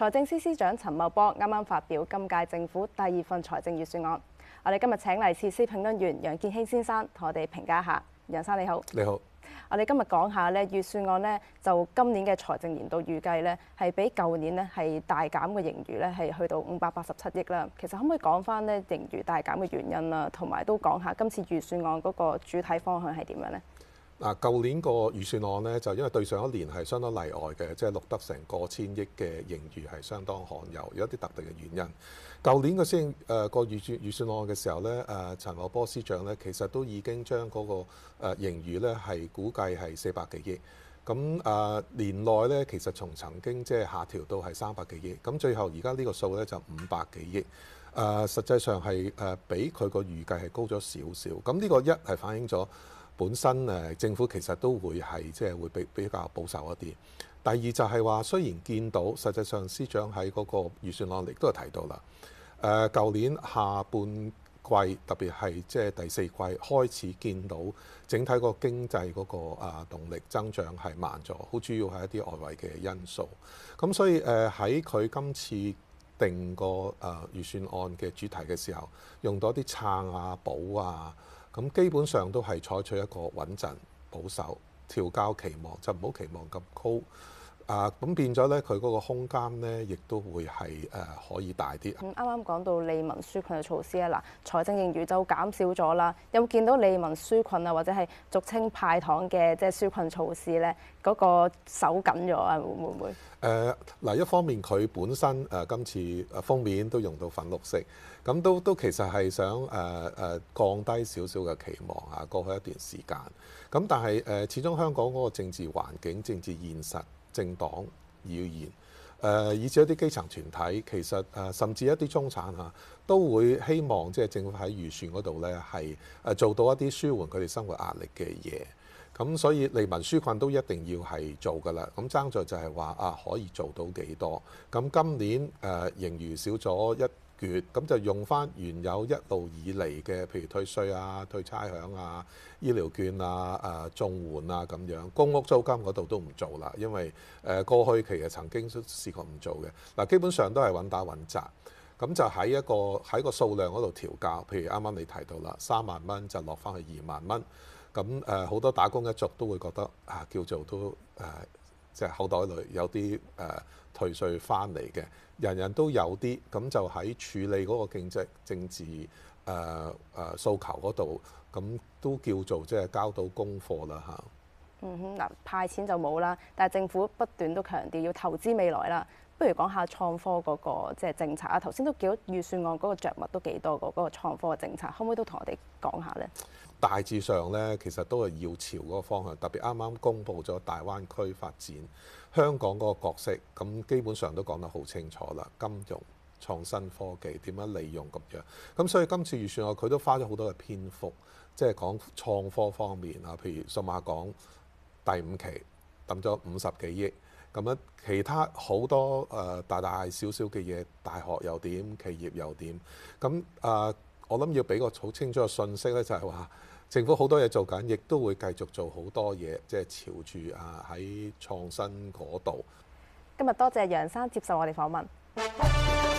財政司司長陳茂波啱啱發表今屆政府第二份財政預算案，我哋今日請嚟時事評論員楊健興先生同我哋評價下。楊生你好，你好。你好，我哋今日講下咧預算案咧，就今年嘅財政預計年度預計咧係比舊年咧係大減嘅盈餘咧係去到五百八十七億啦。其實可唔可以講翻咧盈餘大減嘅原因啦，同埋都講下今次預算案嗰個主體方向係點樣咧？嗱，舊年個預算案咧，就因為對上一年係相當例外嘅，即係錄得成個千億嘅盈餘係相當罕有，有一啲特定嘅原因。舊年嘅先誒個預算預、呃、算案嘅時候咧，誒、呃、陳茂波司長咧其實都已經將嗰個盈餘咧係估計係四百幾億。咁誒、呃、年內咧，其實從曾經即係下調到係三百幾億。咁最後而家呢個數咧就五、是、百幾億。誒、呃、實際上係誒比佢個預計係高咗少少。咁呢個一係反映咗。本身誒政府其實都會係即係會比比較保守一啲。第二就係話，雖然見到實際上司長喺嗰個預算案亦都係提到啦。誒，舊年下半季特別係即係第四季開始見到整體個經濟嗰個啊動力增長係慢咗，好主要係一啲外圍嘅因素。咁所以誒喺佢今次定個誒預算案嘅主題嘅時候，用到啲撐啊補啊。咁基本上都係採取一個穩陣保守、調教期望，就唔好期望咁高。啊，咁變咗咧，佢嗰個空間咧，亦都會係誒可以大啲。咁啱啱講到利民紓困嘅措施咧，嗱，財政盈餘就減少咗啦。有冇見到利民紓困啊，或者係俗稱派糖嘅即係紓困措施咧？嗰、那個手緊咗啊？會唔會？誒嗱、呃呃，一方面佢本身誒、呃、今次封面都用到粉綠色，咁、嗯、都都其實係想誒誒、呃、降低少少嘅期望嚇、啊。過去一段時間咁、啊，但係誒、呃、始終香港嗰個政治環境、政治現實。政黨而言，誒、呃，以至一啲基層團體，其實誒、呃，甚至一啲中產嚇、啊，都會希望即係政府喺預算嗰度呢，係誒、呃、做到一啲舒緩佢哋生活壓力嘅嘢。咁、呃、所以利民舒困都一定要係做㗎啦。咁、呃、爭在就係話啊，可以做到幾多？咁、呃、今年誒、呃、盈餘少咗一。咁就用翻原有一路以嚟嘅，譬如退稅啊、退差餉啊、醫療券啊、誒、呃、綜援啊咁樣，公屋租金嗰度都唔做啦，因為誒、呃、過去其實曾經都試過唔做嘅。嗱、呃，基本上都係穩打穩紮，咁就喺一個喺個數量嗰度調校，譬如啱啱你提到啦，三萬蚊就落翻去二萬蚊，咁誒好多打工一族都會覺得啊，叫做都誒。呃即係口袋裏有啲誒、呃、退稅翻嚟嘅，人人都有啲，咁就喺處理嗰個經濟政治誒誒訴求嗰度，咁都叫做即係交到功課啦吓，嗯哼，嗱、呃、派錢就冇啦，但係政府不斷都強調要投資未來啦。不如講下創科嗰個即係政策啊。頭先都叫多預算案嗰個著物都幾多個嗰、嗰個創科嘅政策，可唔可以都同我哋講下咧？大致上咧，其實都係要朝嗰個方向，特別啱啱公布咗大灣區發展，香港嗰個角色，咁基本上都講得好清楚啦。金融、創新科技點樣利用咁樣，咁所以今次預算我佢都花咗好多嘅篇幅，即係講創科方面啊，譬如數碼港第五期抌咗五十幾億，咁樣其他好多誒、呃、大大小小嘅嘢，大學又點，企業又點，咁誒。呃我諗要俾個好清楚嘅信息咧，就係話政府好多嘢做緊，亦都會繼續做好多嘢，即係朝住啊喺創新嗰度。今日多謝楊生接受我哋訪問。